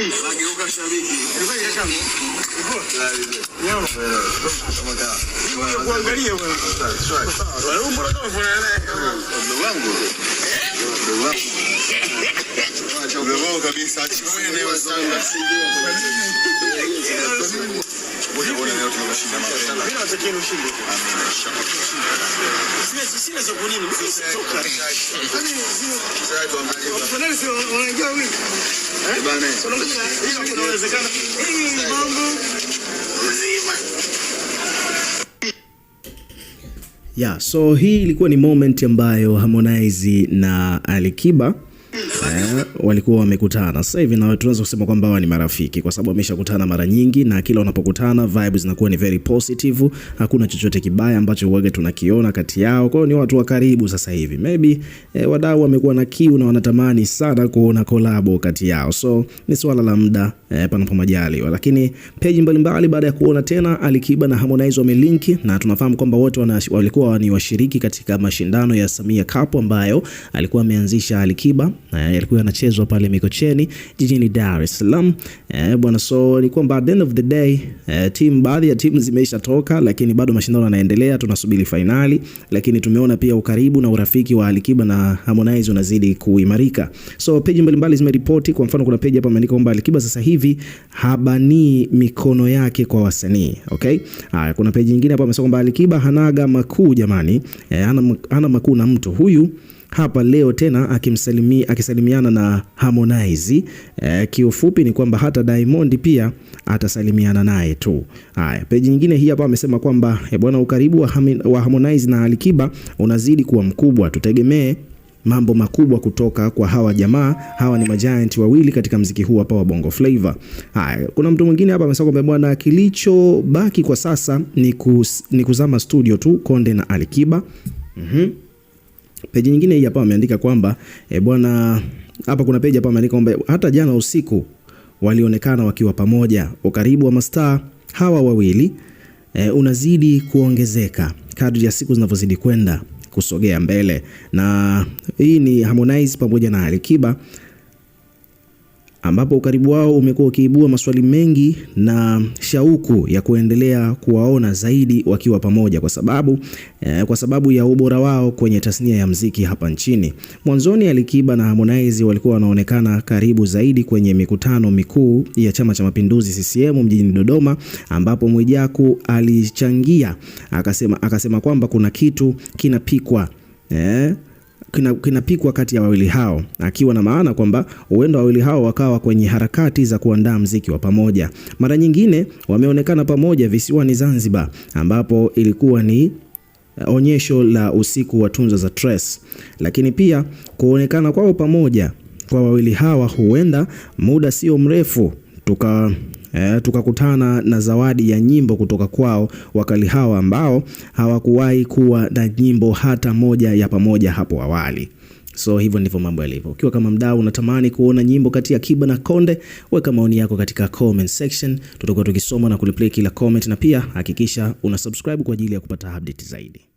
Lá que eu gostava aqui Eu vou ir, cara. Eu vou. Não, vamos cá. Eu vou ali, eu vou. Agora eu moro com né? Do Vango. Do Vango. Do Vango, a minha satisfação. Eu vou sair Bwana leo tunashinda mapema. Bila takia ushindi. Amina. Sina sina za kunini. Mimi sitoka. Amina. Yeah, so hii ilikuwa ni moment ambayo Harmonize na Alikiba eh, walikuwa wamekutana. Sasa hivi na tunaweza kusema kwamba hawa ni marafiki, kwa sababu wameshakutana mara nyingi, na kila wanapokutana vibes zinakuwa ni very positive. Hakuna chochote kibaya ambacho wage tunakiona kati yao, kwa hiyo ni watu wa karibu sasa hivi. Maybe eh, wadau wamekuwa na kiu na wanatamani sana kuona kolabo kati yao, so ni swala la muda eh, panapo majaliwa. Lakini page mbalimbali baada ya kuona tena Alikiba na Harmonize wamelinki, na tunafahamu kwamba wote walikuwa ni washiriki katika mashindano ya Samia Cup ambayo alikuwa ameanzisha Alikiba Eh, yalikuwa yanachezwa pale Mikocheni jijini Dar es Salaam eh, bwana. So ni kwamba at the end of the day eh, team, baadhi ya timu zimeisha toka, lakini bado mashindano yanaendelea, tunasubiri finali, lakini tumeona pia ukaribu na urafiki wa Alikiba na Harmonize unazidi kuimarika. So page mbalimbali zimeripoti, kwa mfano kuna page hapa imeandika kwamba Alikiba sasa hivi habanii mikono yake kwa wasanii okay. Haya, kuna page nyingine hapa imesema kwamba Alikiba hanaga makuu jamani, hana makuu na mtu huyu hapa leo tena akimsalimi, akisalimiana na Harmonize. E, kiufupi ni kwamba hata Diamond pia atasalimiana naye tu. Haya, peji nyingine hii hapa amesema kwamba eh, bwana, ukaribu wa Harmonize na Alikiba unazidi kuwa mkubwa, tutegemee mambo makubwa kutoka kwa hawa jamaa hawa. Ni majiant wawili katika mziki huu hapa wa Bongo Flava. Haya, kuna mtu mwingine hapa amesema kwamba bwana, kilichobaki kwa sasa ni, kus, ni kuzama studio tu Konde na Alikiba. mm -hmm. Peji nyingine hii hapa wameandika kwamba e, bwana hapa kuna peji hapa ameandika kwamba hata jana usiku walionekana wakiwa pamoja. Ukaribu wa mastaa hawa wawili e, unazidi kuongezeka kadri ya siku zinavyozidi kwenda kusogea mbele, na hii ni Harmonize pamoja na Alikiba ambapo ukaribu wao umekuwa ukiibua maswali mengi na shauku ya kuendelea kuwaona zaidi wakiwa pamoja kwa sababu, eh, kwa sababu ya ubora wao kwenye tasnia ya mziki hapa nchini. Mwanzoni Alikiba na Harmonize walikuwa wanaonekana karibu zaidi kwenye mikutano mikuu ya Chama cha Mapinduzi CCM mjini Dodoma, ambapo Mwijaku alichangia akasema, akasema kwamba kuna kitu kinapikwa eh kinapikwa kati ya wawili hao, akiwa na maana kwamba huenda wawili hao wakawa kwenye harakati za kuandaa mziki wa pamoja. Mara nyingine wameonekana pamoja visiwani Zanzibar, ambapo ilikuwa ni eh, onyesho la usiku wa tunzo za Trace, lakini pia kuonekana kwao pamoja kwa wawili hawa huenda muda sio mrefu tuka E, tukakutana na zawadi ya nyimbo kutoka kwao wakali hawa ambao hawakuwahi kuwa na nyimbo hata moja ya pamoja hapo awali. So hivyo ndivyo mambo yalivyo. Ukiwa kama mdau unatamani kuona nyimbo kati ya Kiba na Konde, weka maoni yako katika comment section, tutakuwa tukisoma na kuliplay kila comment, na pia hakikisha una subscribe kwa ajili ya kupata update zaidi.